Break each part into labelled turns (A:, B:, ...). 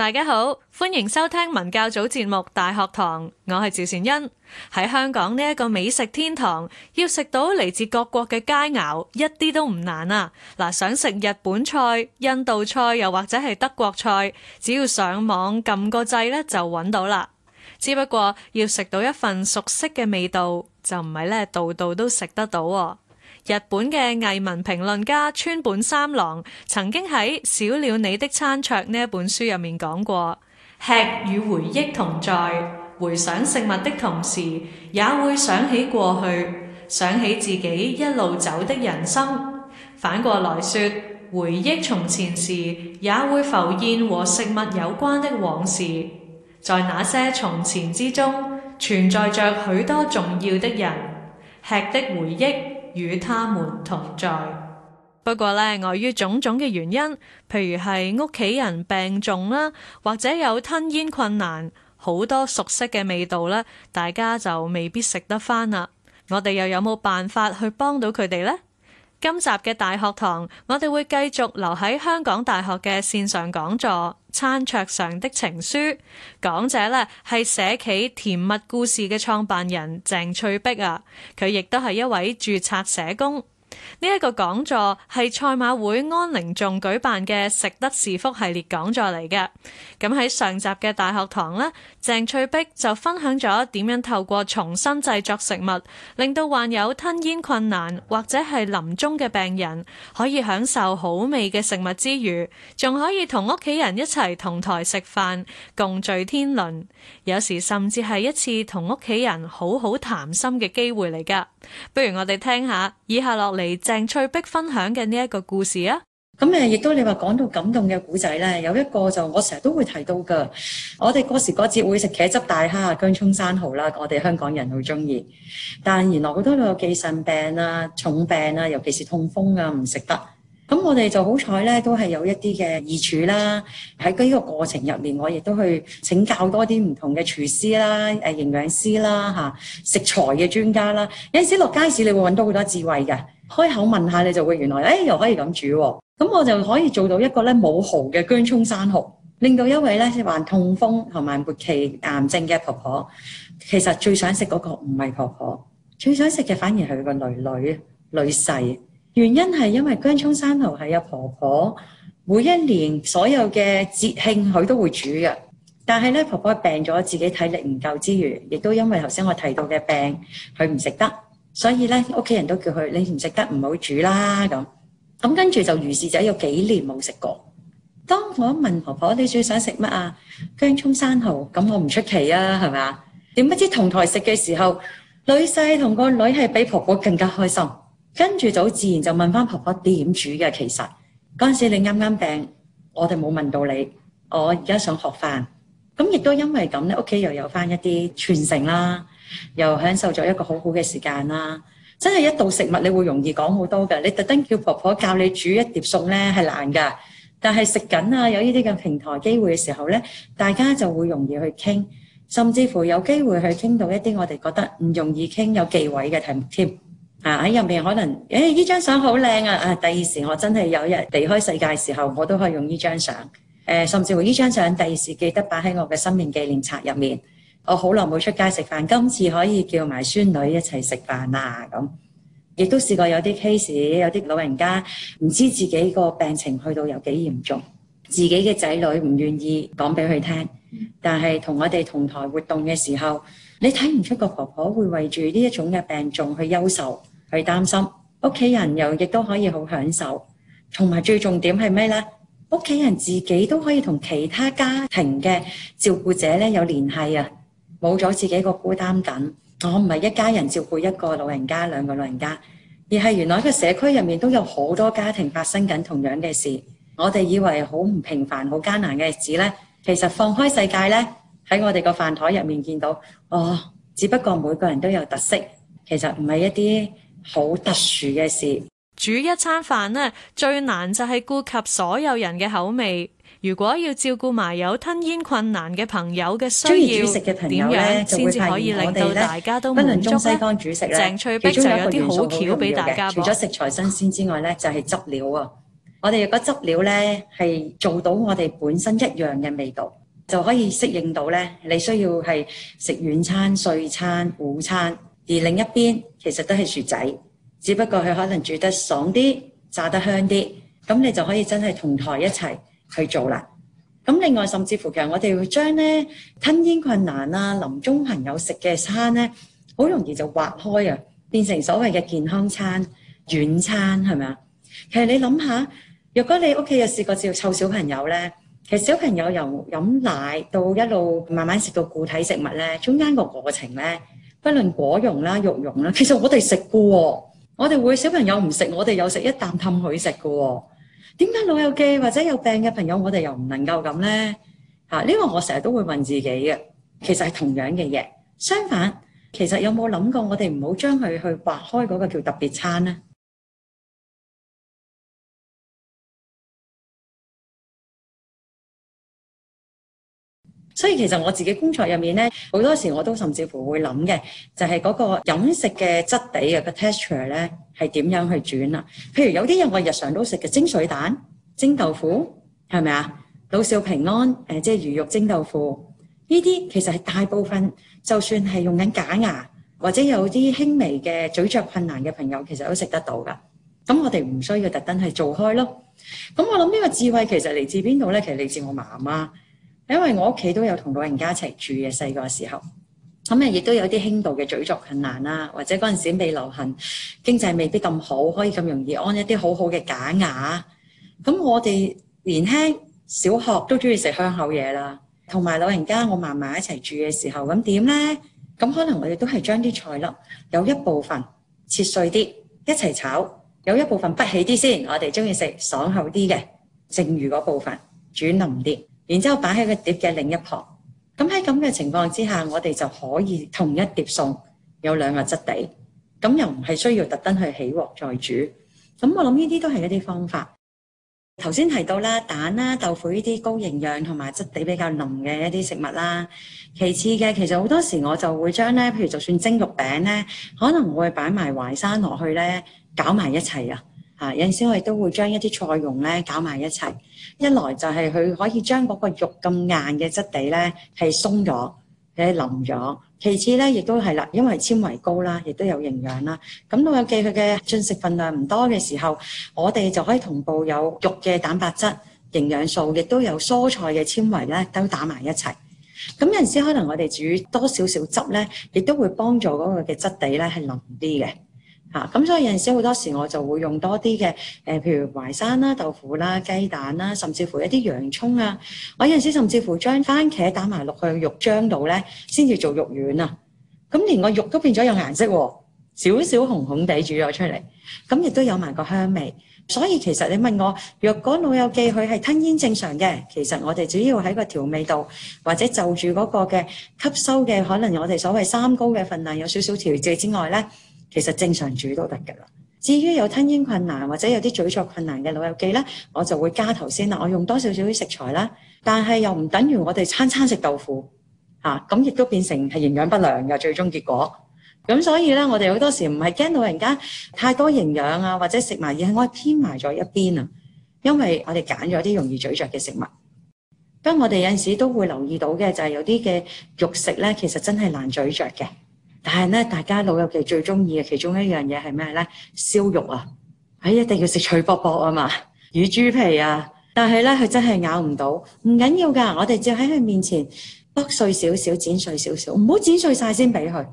A: 大家好，歡迎收聽文教組節目《大學堂》，我係趙善恩。喺香港呢個美食天堂，要食到嚟自各國嘅佳餚，一啲都唔難啊！嗱，想食日本菜、印度菜，又或者係德國菜，只要上網撳個掣呢，就搵到啦。只不過要食到一份熟悉嘅味道，就唔係呢度度都食得到喎。日本嘅藝文評論家川本三郎曾經喺《少了你的餐桌》呢一本書入面講過：「吃與回憶同在，回想食物的同時，也會想起過去，想起自己一路走的人生。反過來說，回憶從前時，也會浮現和食物有關的往事。在那些從前之中，存在着許多重要的人，吃的回憶。與他們同在。不過呢，礙、呃、於種種嘅原因，譬如係屋企人病重啦，或者有吞嚥困難，好多熟悉嘅味道呢，大家就未必食得返啦。我哋又有冇辦法去幫到佢哋呢？今集嘅大學堂，我哋會繼續留喺香港大學嘅線上講座《餐桌上的情書》。講者呢係社企甜蜜故事嘅創辦人鄭翠碧啊，佢亦都係一位註冊社工。呢一個講座係賽馬會安寧頌舉辦嘅食得是福系列講座嚟嘅。咁喺上集嘅大學堂呢，鄭翠碧就分享咗點樣透過重新製作食物，令到患有吞嚥困難或者係臨終嘅病人可以享受好味嘅食物之餘，仲可以同屋企人一齊同台食飯，共聚天倫。有時甚至係一次同屋企人好好談心嘅機會嚟㗎。不如我哋聽下。以下落嚟，鄭翠碧分享嘅呢一個故事啊！
B: 咁誒、嗯，亦都你話講到感動嘅古仔咧，有一個就我成日都會提到噶，我哋過時過節會食茄汁大蝦、薑葱生蠔啦，我哋香港人好中意，但原來好多都有腎病啊、重病啊，尤其是痛風啊，唔食得。咁我哋就好彩咧，都係有一啲嘅異處啦。喺呢個過程入面，我亦都去請教多啲唔同嘅廚師啦、誒營養師啦、嚇、啊、食材嘅專家啦。有陣時落街市，你會揾到好多智慧嘅，開口問下你就會原來，誒、哎、又可以咁煮喎、啊。咁我就可以做到一個咧冇蠔嘅薑葱生蠔，令到一位咧患痛風同埋末期癌症嘅婆婆，其實最想食嗰個唔係婆婆，最想食嘅反而係佢個女女女婿。原因係因為薑葱生蠔係有婆婆每一年所有嘅節慶佢都會煮嘅，但係咧婆婆病咗，自己體力唔夠之餘，亦都因為頭先我提到嘅病，佢唔食得，所以咧屋企人都叫佢你唔食得唔好煮啦咁。咁跟住就如是者有幾年冇食過。當我問婆婆你最想食乜啊？薑葱生蠔咁我唔出奇啊，係咪？點不知同台食嘅時候，女婿同個女係比婆婆更加開心。跟住就好自然就問翻婆婆點煮嘅。其實嗰陣時你啱啱病，我哋冇問到你。我而家想學飯，咁亦都因為咁咧，屋企又有翻一啲傳承啦，又享受咗一個好好嘅時間啦。真係一到食物，你會容易講好多嘅。你特登叫婆婆教你煮一碟餸咧，係難噶。但係食緊啊，有呢啲嘅平台機會嘅時候咧，大家就會容易去傾，甚至乎有機會去傾到一啲我哋覺得唔容易傾、有忌諱嘅題目添。啊！喺入面可能，誒呢張相好靚啊！啊，第二時我真係有日離開世界時候，我都可以用呢張相。誒、呃，甚至乎呢張相第二時記得擺喺我嘅生命紀念冊入面。我好耐冇出街食飯，今次可以叫埋孫女一齊食飯啦！咁，亦都試過有啲 case，有啲老人家唔知自己個病情去到有幾嚴重，自己嘅仔女唔願意講俾佢聽。但係同我哋同台活動嘅時候，你睇唔出個婆婆會為住呢一種嘅病重去憂愁。去擔心屋企人，又亦都可以好享受，同埋最重點係咩呢？屋企人自己都可以同其他家庭嘅照顧者咧，有聯繫啊！冇咗自己個孤單感，我唔係一家人照顧一個老人家、兩個老人家，而係原來一個社區入面都有好多家庭發生緊同樣嘅事。我哋以為好唔平凡、好艱難嘅日子呢，其實放開世界呢，喺我哋個飯枱入面見到，哦，只不過每個人都有特色，其實唔係一啲。好特殊嘅事，
A: 煮一餐飯呢，最難就係顧及所有人嘅口味。如果要照顧埋有吞嚥困難嘅朋友嘅需要，點樣先至可以令到大家都滿足呢？無論中西方主食呢，鄭翠碧就有啲好巧俾大家。除咗食
B: 材新鮮之外呢，就係、是、汁料啊！我哋個汁料呢，係做到我哋本身一樣嘅味道，就可以適應到呢。你需要係食軟餐、碎餐、糊餐。而另一邊其實都係薯仔，只不過佢可能煮得爽啲、炸得香啲，咁你就可以真係同台一齊去做啦。咁另外甚至乎其實，我哋會將咧吞嚥困難啊、臨終朋友食嘅餐咧，好容易就劃開啊，變成所謂嘅健康餐、軟餐係咪啊？其實你諗下，若果你屋企有試過照湊小朋友咧，其實小朋友由飲奶到一路慢慢食到固體食物咧，中間個過程咧。不論果蓉啦、肉蓉啦，其實我哋食過喎，我哋會小朋友唔食，我哋有食一啖氹佢食嘅喎。點解老友記或者有病嘅朋友，我哋又唔能夠咁咧？嚇、啊，呢個我成日都會問自己嘅，其實係同樣嘅嘢。相反，其實有冇
A: 諗過我哋唔好將佢去劃開嗰個叫特別餐咧？
B: 所以其實我自己工作入面咧，好多時我都甚至乎會諗嘅，就係、是、嗰個飲食嘅質地嘅、那個 texture 咧，係點樣去轉啊？譬如有啲人我日常都食嘅蒸水蛋、蒸豆腐，係咪啊？老少平安誒、呃，即係魚肉蒸豆腐呢啲，其實係大部分就算係用緊假牙或者有啲輕微嘅咀嚼困難嘅朋友，其實都食得到噶。咁我哋唔需要特登去做開咯。咁我諗呢個智慧其實嚟自邊度咧？其實嚟自我媽媽。因為我屋企都有同老人家一齊住嘅細個時候，咁啊亦都有啲輕度嘅咀嚼困難啦，或者嗰陣時未流行，經濟未必咁好，可以咁容易安一啲好好嘅假牙。咁我哋年輕小學都中意食香口嘢啦，同埋老人家我嫲嫲一齊住嘅時候，咁點呢？咁可能我哋都係將啲菜粒有一部分切碎啲一齊炒，有一部分不起啲先，我哋中意食爽口啲嘅，剩餘嗰部分煮腍啲。然之後擺喺個碟嘅另一旁，咁喺咁嘅情況之下，我哋就可以同一碟餸有兩個質地，咁又唔係需要特登去起鑊再煮。咁我諗呢啲都係一啲方法。頭先提到啦，蛋啦、豆腐呢啲高營養同埋質地比較腍嘅一啲食物啦。其次嘅，其實好多時我就會將咧，譬如就算蒸肉餅咧，可能我會擺埋淮山落去咧，攪埋一齊啊。啊！有陣時我哋都會將一啲菜蓉咧攪埋一齊，一來就係佢可以將嗰個肉咁硬嘅質地咧係鬆咗，係腍咗。其次咧，亦都係啦，因為纖維高啦，亦都有營養啦。咁到有記佢嘅進食份量唔多嘅時候，我哋就可以同步有肉嘅蛋白質、營養素，亦都有蔬菜嘅纖維咧，都打埋一齊。咁、嗯、有陣時可能我哋煮多少少汁咧，亦都會幫助嗰個嘅質地咧係腍啲嘅。嚇！咁、啊、所以有陣時好多時我就會用多啲嘅誒，譬如淮山啦、豆腐啦、雞蛋啦，甚至乎一啲洋葱啊。我有陣時甚至乎將番茄打埋落去肉漿度咧，先至做肉丸啊。咁連個肉都變咗有顏色喎、啊，少少紅紅地煮咗出嚟，咁、嗯、亦都有埋個香味。所以其實你問我，若果老友記佢係吞嚥正常嘅，其實我哋主要喺個調味度，或者就住嗰個嘅吸收嘅，可能我哋所謂三高嘅份量有少少調節之外咧。其實正常煮都得㗎啦。至於有吞嚥困難或者有啲咀嚼困難嘅老友記呢，我就會加頭先啦。我用多少少啲食材啦，但係又唔等於我哋餐餐食豆腐嚇，咁、啊、亦都變成係營養不良嘅最終結果。咁所以呢，我哋好多時唔係驚老人家太多營養啊，或者食埋嘢，我偏埋咗一邊啊。因為我哋揀咗啲容易咀嚼嘅食物。不過我哋有陣時都會留意到嘅就係、是、有啲嘅肉食呢，其實真係難咀嚼嘅。但係咧，大家老友記最中意嘅其中一樣嘢係咩咧？燒肉啊，係、哎、一定要食脆卜卜啊嘛，乳豬皮啊。但係咧，佢真係咬唔到，唔緊要㗎。我哋就喺佢面前剝碎少少，剪碎少少，唔好剪碎晒先俾佢。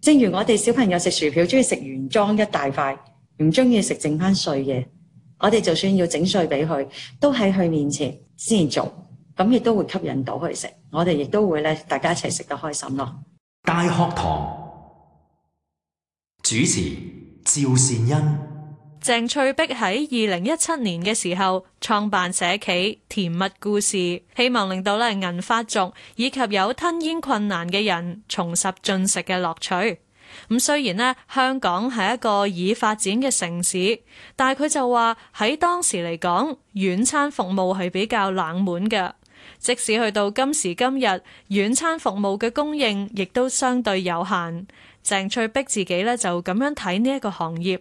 B: 正如我哋小朋友食薯條，中意食原裝一大塊，唔中意食剩翻碎嘅。我哋就算要整碎俾佢，都喺佢面前先做，咁亦都會吸引到佢食。我哋亦都會咧，大家一齊食得開心咯。大學堂。
A: 主持趙善恩，鄭翠碧喺二零一七年嘅時候創辦社企甜蜜故事，希望令到咧銀髮族以及有吞嚥困難嘅人重拾進食嘅樂趣。咁雖然呢香港係一個已發展嘅城市，但係佢就話喺當時嚟講，軟餐服務係比較冷門嘅。即使去到今時今日，軟餐服務嘅供應亦都相對有限，鄭翠逼自己咧就咁樣睇呢一個行業。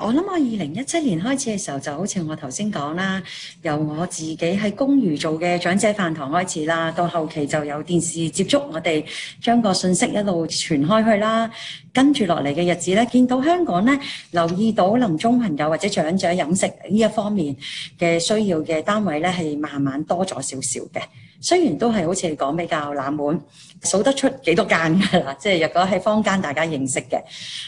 A: 我諗我二零一七年開始嘅時候，就
B: 好似我頭先講啦，由我自己喺公寓做嘅長者飯堂開始啦，到後期就有電視接觸我，我哋將個信息，一路傳開去啦。跟住落嚟嘅日子咧，見到香港咧，留意到臨終朋友或者長者飲食呢一方面嘅需要嘅單位咧，係慢慢多咗少少嘅。雖然都係好似講比較冷門，數得出幾多間㗎啦，即係若果喺坊間大家認識嘅，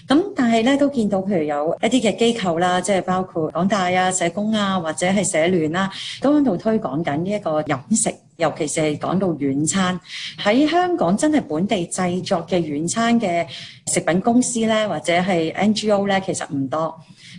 B: 咁但係咧都見到，譬如有一啲嘅機構啦，即係包括港大啊、社工啊，或者係社聯啦，都喺度推廣緊呢一個飲食，尤其是係講到軟餐，喺香港真係本地製作嘅軟餐嘅食品公司咧，或者係 NGO 咧，其實唔多。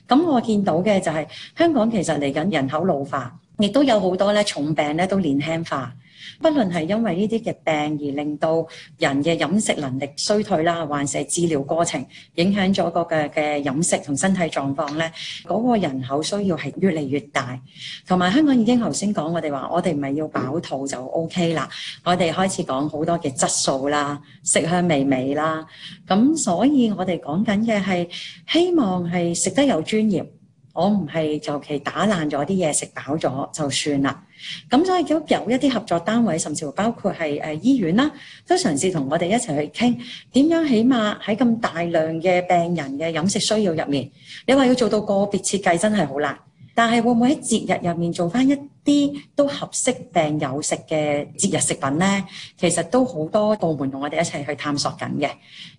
B: 咁我見到嘅就係香港其實嚟緊人口老化，亦都有好多咧重病咧都年輕化。不論係因為呢啲嘅病而令到人嘅飲食能力衰退啦，還是係治療過程影響咗個嘅嘅飲食同身體狀況咧，嗰個人口需要係越嚟越大。同埋香港已經頭先講，我哋話我哋唔係要飽肚就 OK 啦，我哋開始講好多嘅質素啦，食香味美啦。咁所以我哋講緊嘅係希望係食得有專業。我唔係就其打爛咗啲嘢食飽咗就算啦，咁所以都有一啲合作單位，甚至乎包括係誒醫院啦，都嘗試同我哋一齊去傾點樣，起碼喺咁大量嘅病人嘅飲食需要入面，你話要做到個別設計真係好難，但係會唔會喺節日入面做返一啲都合適病友食嘅節日食品呢？其實都好多部門同我哋一齊去探索緊嘅，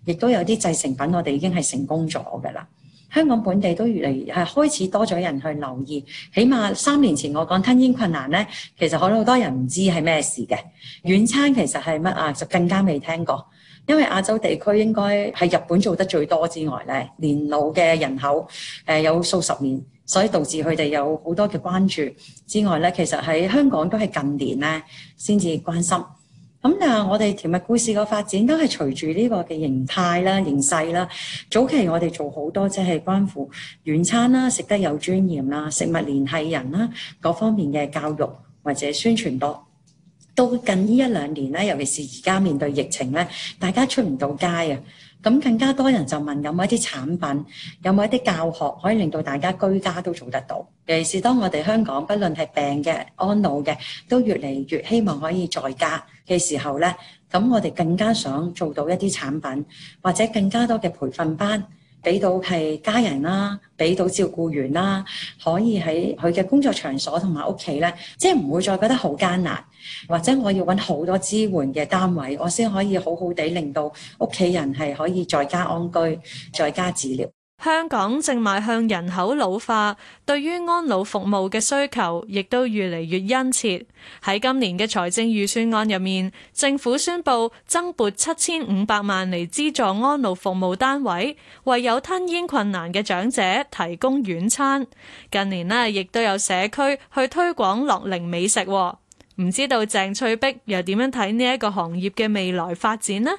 B: 亦都有啲製成品我哋已經係成功咗嘅啦。香港本地都越嚟越係開始多咗人去留意。起碼三年前我講吞嚥困難咧，其實可能好多人唔知係咩事嘅。遠餐其實係乜啊？就更加未聽過。因為亞洲地區應該係日本做得最多之外咧，年老嘅人口誒有數十年，所以導致佢哋有好多嘅關注之外咧，其實喺香港都係近年咧先至關心。咁但係，我哋甜蜜故事個發展都係隨住呢個嘅形態啦、形勢啦。早期我哋做好多即係關乎軟餐啦、食得有尊嚴啦、食物聯繫人啦，各方面嘅教育或者宣傳多。到近呢一兩年咧，尤其是而家面對疫情咧，大家出唔到街啊。咁更加多人就問有冇一啲產品，有冇一啲教學可以令到大家居家都做得到，尤其是當我哋香港，不論係病嘅、安老嘅，都越嚟越希望可以在家嘅時候呢，咁我哋更加想做到一啲產品，或者更加多嘅培訓班。俾到係家人啦，俾到照顧員啦，可以喺佢嘅工作場所同埋屋企咧，即係唔會再覺得好艱難，或者我要搵好多支援嘅單位，我先可以好好地令到屋企人係可以在家安居，在家治療。
A: 香港正邁向人口老化，對於安老服務嘅需求亦都越嚟越殷切。喺今年嘅財政預算案入面，政府宣布增撥七千五百萬嚟資助安老服務單位，為有吞嚥困難嘅長者提供軟餐。近年呢，亦都有社區去推廣樂齡美食。唔知道鄭翠碧又點樣睇呢一個行業嘅未來發展呢？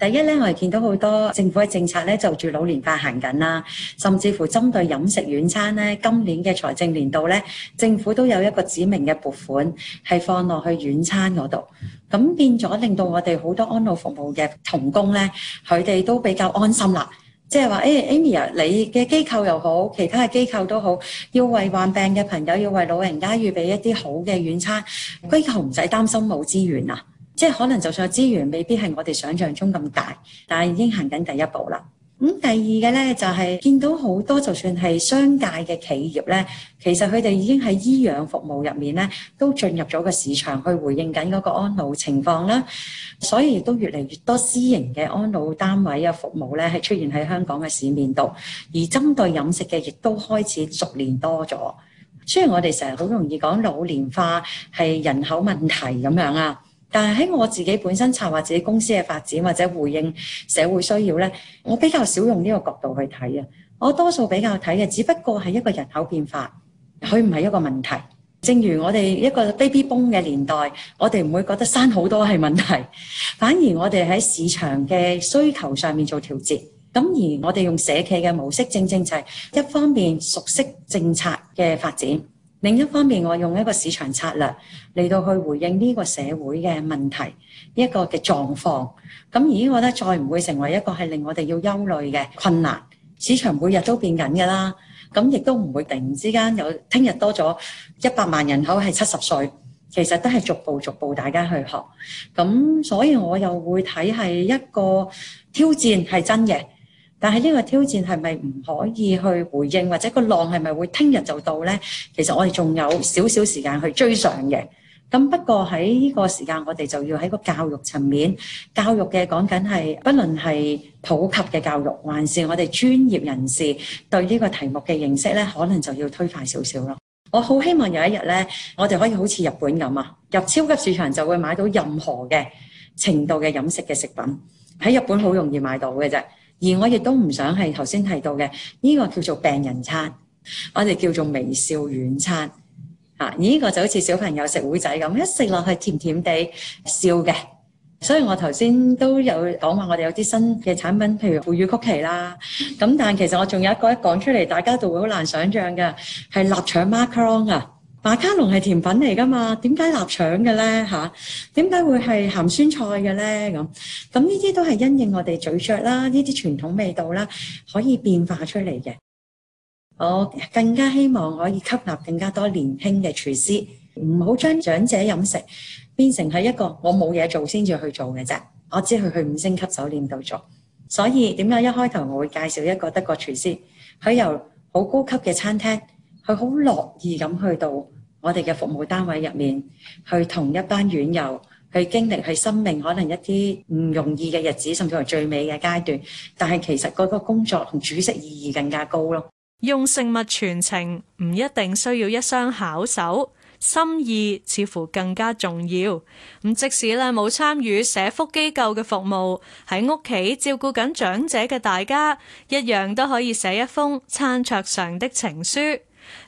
B: 第一咧，我哋見到好多政府嘅政策咧，就住老年化行緊啦，甚至乎針對飲食軟餐咧，今年嘅財政年度咧，政府都有一個指明嘅撥款係放落去軟餐嗰度。咁變咗令到我哋好多安老服務嘅同工咧，佢哋都比較安心啦。即係話，誒，Amy 啊，你嘅機構又好，其他嘅機構都好，要為患病嘅朋友，要為老人家預備一啲好嘅軟餐，佢哋就唔使擔心冇資源啦。即係可能就算資源未必係我哋想象中咁大，但係已經行緊第一步啦。咁第二嘅咧就係見到好多就算係商界嘅企業咧，其實佢哋已經喺醫養服務入面咧都進入咗個市場去回應緊嗰個安老情況啦。所以亦都越嚟越多私營嘅安老單位啊、服務咧係出現喺香港嘅市面度，而針對飲食嘅亦都開始逐年多咗。雖然我哋成日好容易講老年化係人口問題咁樣啊。但係喺我自己本身策劃自己公司嘅發展或者回應社會需要咧，我比較少用呢個角度去睇啊。我多數比較睇嘅，只不過係一個人口變化，佢唔係一個問題。正如我哋一個 baby boom 嘅年代，我哋唔會覺得生好多係問題，反而我哋喺市場嘅需求上面做調節。咁而我哋用社企嘅模式，正正就係一方面熟悉政策嘅發展。另一方面，我用一個市場策略，嚟到去回應呢個社會嘅問題，呢一個嘅狀況，咁而家我覺得再唔會成為一個係令我哋要憂慮嘅困難，市場每日都變緊嘅啦，咁亦都唔會突然之間有聽日多咗一百萬人口係七十歲，其實都係逐步逐步大家去學，咁所以我又會睇係一個挑戰，係真嘅。但係呢個挑戰係咪唔可以去回應，或者個浪係咪會聽日就到呢？其實我哋仲有少少時間去追上嘅。咁不過喺呢個時間，我哋就要喺個教育層面，教育嘅講緊係，不論係普及嘅教育，還是我哋專業人士對呢個題目嘅認識呢，可能就要推快少少咯。我好希望有一日呢，我哋可以好似日本咁啊，入超級市場就會買到任何嘅程度嘅飲食嘅食品，喺日本好容易買到嘅啫。而我亦都唔想係頭先提到嘅，呢個叫做病人餐，我哋叫做微笑軟餐，嚇！而呢個就好似小朋友食糊仔咁，一食落去甜甜地笑嘅。所以我頭先都有講話，我哋有啲新嘅產品，譬如腐乳曲奇啦。咁但係其實我仲有一個一講出嚟，大家都會好難想象嘅，係臘腸 macaron 啊！馬卡龍係甜品嚟㗎嘛？點解臘腸嘅咧嚇？啊，點解會係鹹酸菜嘅咧？咁咁呢啲都係因應我哋咀嚼啦，呢啲傳統味道啦，可以變化出嚟嘅。我更加希望可以吸納更加多年輕嘅廚師，唔好將長者飲食變成係一個我冇嘢做先至去做嘅啫。我知佢去五星級酒店度做，所以點解一開頭我會介紹一個德國廚師，佢由好高級嘅餐廳。佢好樂意咁去到我哋嘅服務單位入面,去同一班院友,去經歷佢生命可能一啲唔容易嘅日子,甚至乎最尾嘅階段,但係其實嗰個工作同主食意義更加高咯。
A: 用食物傳情,唔一定需要一雙巧手,心意似乎更加重要。即使冇參與社福機構嘅服務,喺屋企照顧緊長者嘅大家,一樣都可以寫一封餐桌上的情書。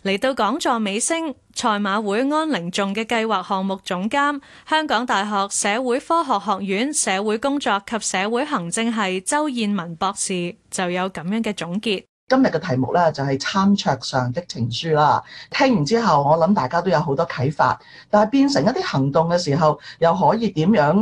A: 嚟到講座尾聲，賽馬會安寧頌嘅計劃項目總監、香港大學社會科學學院社會工作及社會行政系周燕文博士就有咁樣嘅總結。
C: 今日嘅題目咧就係、是、餐桌上的情書啦。聽完之後，我諗大家都有好多啟發，但係變成一啲行動嘅時候，又可以點樣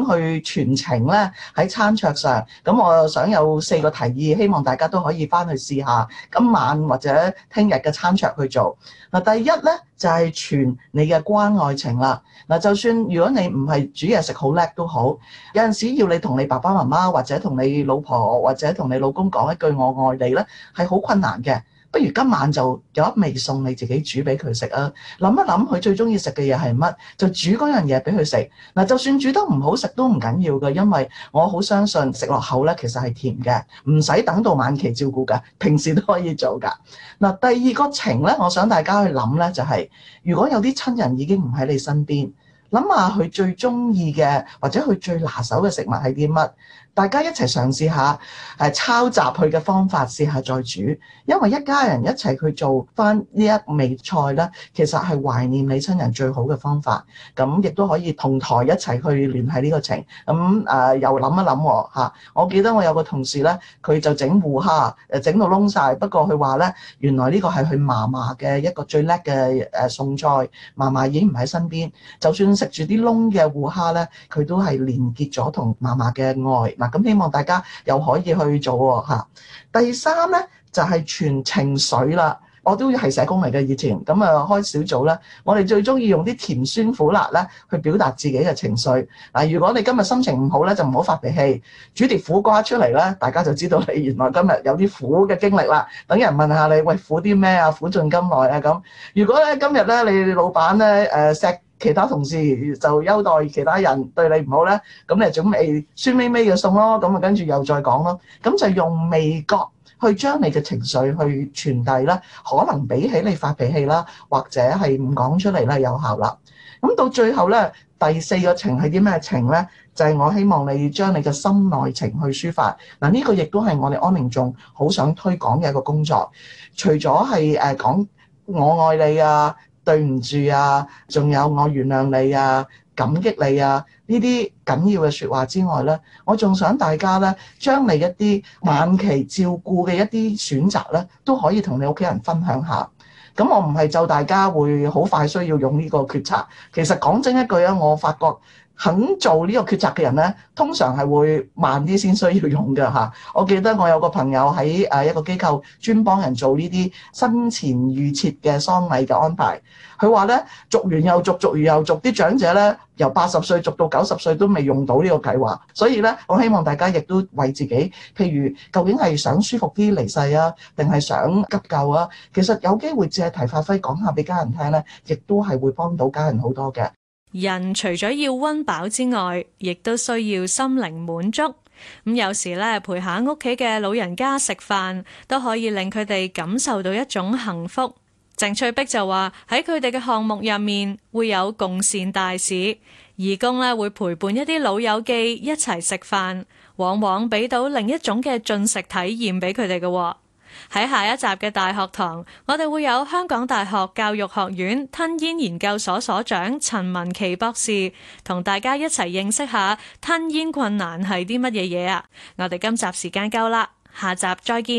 C: 去傳情呢？喺餐桌上，咁我想有四個提議，希望大家都可以翻去試下今晚或者聽日嘅餐桌去做。嗱，第一呢。就係傳你嘅關愛情啦。嗱，就算如果你唔係煮嘢食好叻都好，有陣時要你同你爸爸媽媽或者同你老婆或者同你老公講一句我愛你呢係好困難嘅。不如今晚就有一味餸你自己煮俾佢食啊！諗一諗佢最中意食嘅嘢係乜，就煮嗰樣嘢俾佢食。嗱，就算煮得唔好食都唔緊要嘅，因為我好相信食落口咧其實係甜嘅，唔使等到晚期照顧㗎，平時都可以做㗎。嗱，第二個情咧，我想大家去諗咧、就係，就係如果有啲親人已經唔喺你身邊，諗下佢最中意嘅或者佢最拿手嘅食物係啲乜？大家一齊嘗試下，誒抄襲佢嘅方法試下再煮，因為一家人一齊去做翻呢一味菜呢，其實係懷念你親人最好嘅方法。咁亦都可以同台一齊去聯繫呢個情。咁誒、呃、又諗一諗嚇、啊，我記得我有個同事呢，佢就整芋蝦，誒整到窿晒。不過佢話呢，原來呢個係佢嫲嫲嘅一個最叻嘅誒餸菜。嫲嫲已經唔喺身邊，就算食住啲窿嘅芋蝦呢，佢都係連結咗同嫲嫲嘅愛。嗱，咁希望大家又可以去做喎、哦、第三呢，就係、是、全情緒啦，我都係社工嚟嘅，以前咁啊、嗯、開小組呢，我哋最中意用啲甜酸苦辣呢去表達自己嘅情緒。嗱、嗯，如果你今日心情唔好呢，就唔好發脾氣，煮碟苦瓜出嚟呢，大家就知道你原來今日有啲苦嘅經歷啦。等人問下你，喂苦啲咩啊？苦盡甘來啊咁、嗯。如果呢今日呢，你老闆呢。誒、呃其他同事就優待其他人對你唔好咧，咁你準備酸咪咪嘅餸咯，咁啊跟住又再講咯，咁就用味覺去將你嘅情緒去傳遞啦，可能比起你發脾氣啦，或者係唔講出嚟啦有效啦。咁到最後咧，第四個情係啲咩情咧？就係我希望你將你嘅心內情去抒發。嗱，呢個亦都係我哋安寧眾好想推廣嘅一個工作。除咗係誒講我愛你啊，對唔住啊，仲有我原諒你啊，感激你啊，呢啲緊要嘅説話之外呢，我仲想大家呢，將你一啲晚期照顧嘅一啲選擇呢，都可以同你屋企人分享下。咁我唔係就大家會好快需要用呢個決策。其實講真一句啊，我發覺。肯做呢個抉擇嘅人呢，通常係會慢啲先需要用㗎，啊。我記得我有個朋友喺誒一個機構專幫人做呢啲生前預設嘅喪禮嘅安排。佢話呢，續完又續，續完又續，啲長者呢由八十歲續到九十歲都未用到呢個計劃。所以呢，我希望大家亦都為自己，譬如究竟係想舒服啲離世啊，定係想急救啊？其實有機會借題發揮講下俾家人聽呢，亦都係會幫到家人好多嘅。
A: 人除咗要溫飽之外，亦都需要心靈滿足。咁有時咧，陪下屋企嘅老人家食飯，都可以令佢哋感受到一種幸福。鄭翠碧就話喺佢哋嘅項目入面，會有貢獻大使、義工咧，會陪伴一啲老友記一齊食飯，往往俾到另一種嘅進食體驗俾佢哋嘅。喺下一集嘅大學堂，我哋會有香港大學教育學院吞嚥研究所所長陳文琪博士同大家一齊認識下吞嚥困難係啲乜嘢嘢啊！我哋今集時間夠啦，下集再見。